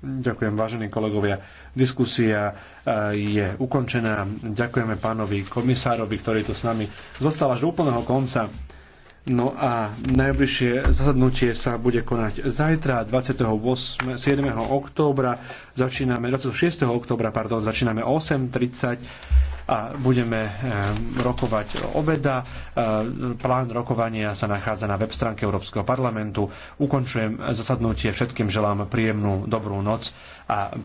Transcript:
Ďakujem, vážení kolegovia. Diskusia e, je ukončená. Ďakujeme pánovi komisárovi, ktorý tu s nami zostal až do úplného konca. No a najbližšie zasadnutie sa bude konať zajtra, 28, 7. októbra. Začíname, 26. októbra, pardon, začíname 8.30 a budeme eh, rokovať obeda. Eh, plán rokovania sa nachádza na web stránke Európskeho parlamentu. Ukončujem zasadnutie, všetkým želám príjemnú dobrú noc a